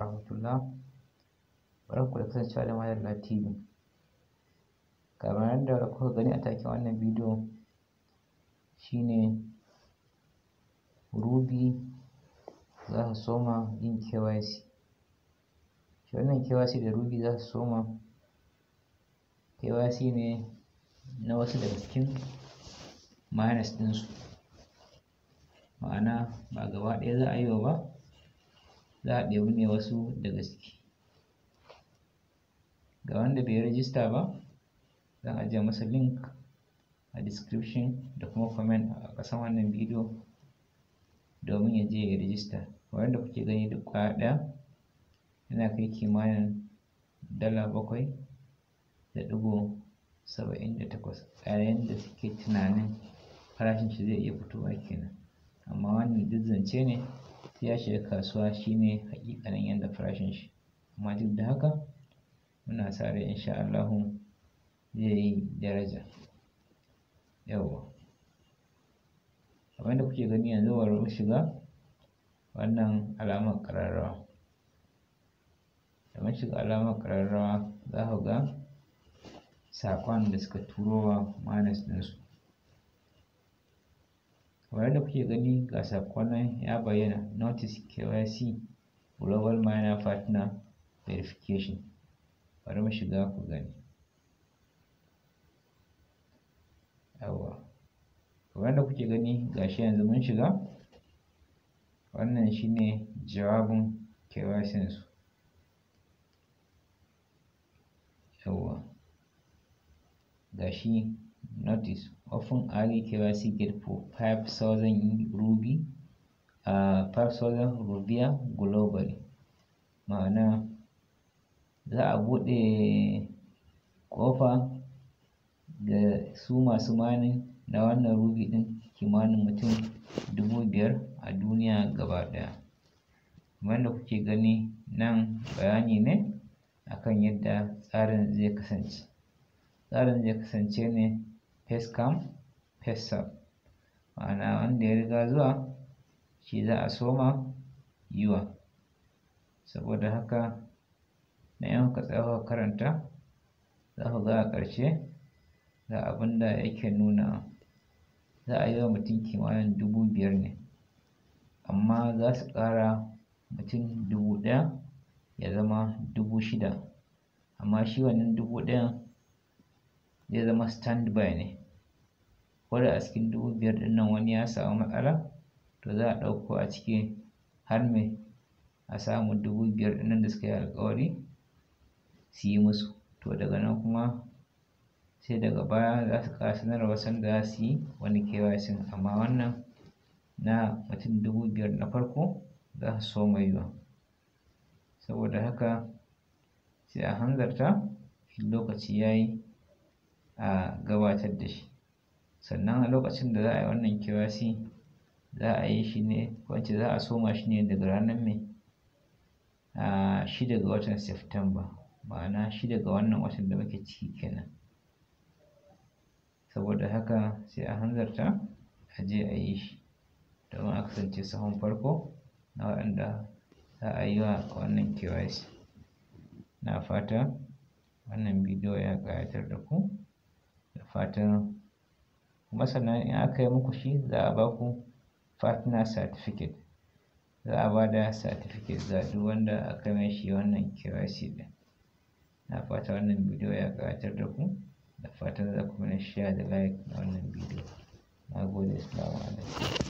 rahmatullah barku da kasancewa da na tv kamar yadda kuka gani a takin wannan bidiyo shine ruby za su soma yin kyc shi wannan kyc da ruby za su soma kyc ne na wasu daga cikin minus ɗinsu ma'ana ba gaba ɗaya za a yi wa ba za a ɗebi ne wasu daga ciki ga wanda bai rajista ba zan ajiye masa link a description da kuma comment a ƙasan wannan bidiyo domin ya je ya rijista wanda kuke gani duk kwaya ɗaya yana kai kimanin dala bakwai da ɗigo saba'in da takwas a yayin da suke tunanin farashin shi zai iya fitowa kenan amma wannan duk zance ne sai ya shiga kasuwa shine haƙiƙanin yadda farashin shi amma duk da haka muna sa rai insha Allahu zai yi daraja yawwa kamar da kuke gani yanzu bari mu shiga wannan alamar ƙararrawa da mun shiga alamar ƙararrawa za ku ga saƙon da suka turowa wa manas ɗinsu kamar yadda kuke gani ga sakonan ya bayyana notice KYC global miner partner verification bari mu shiga ku gani yawa kamar yadda kuke gani shi yanzu mun shiga wannan shine jawabin KYC su yawa shi Notice often early KYC get for 5,000 ruby, uh, 5,000 rubiya globally. Ma'ana za a buɗe ƙofa ga su masu mani na wannan rubi ɗin kimanin mutum dubu biyar a duniya gaba ɗaya. wanda kuke gani nan bayani ne akan yadda tsarin zai kasance. Tsarin zai kasance ne face cam face sub ma'ana wanda ya riga zuwa shi za a soma yiwa saboda haka na yan ka tsawo karanta za ku ga a ƙarshe ga abin da yake nuna za a yi wa mutum kimanin dubu biyar ne amma za su ƙara mutum dubu ɗaya ya zama dubu shida amma shi wannan dubu ɗaya zai zama stand by ne ko da a cikin dubu biyar ɗin nan wani ya samu matsala to za a ɗauko a ciki har mai a samu dubu biyar ɗin nan da suka yi alƙawari su yi musu to daga nan kuma sai daga baya za su ƙara sanarwa sanda za su yi wani KYC amma wannan na mutum dubu biyar na farko za su so mai yiwa saboda haka sai a hanzarta lokaci ya yi a gabatar da shi sannan a lokacin da za a yi wannan KYC za a yi shi ne ko in ce za a soma shi ne daga ranar mai a shida ga watan Septemba ma'ana shida ga wannan watan da muke ciki kenan saboda haka sai a hanzarta a je a yi shi domin a kasance sahun farko na waɗanda za a yi wa wannan KYC na fata wannan bidiyo ya ƙayatar da ku da fatan kuma sannan in aka yi muku shi za a ba ku partner certificate za a ba da certificate za duk wanda aka mai shi wannan kirasi ɗin na fata wannan bidiyo ya karatar da ku da fatan za ku mana share da like na wannan bidiyo na gode salamu alaikum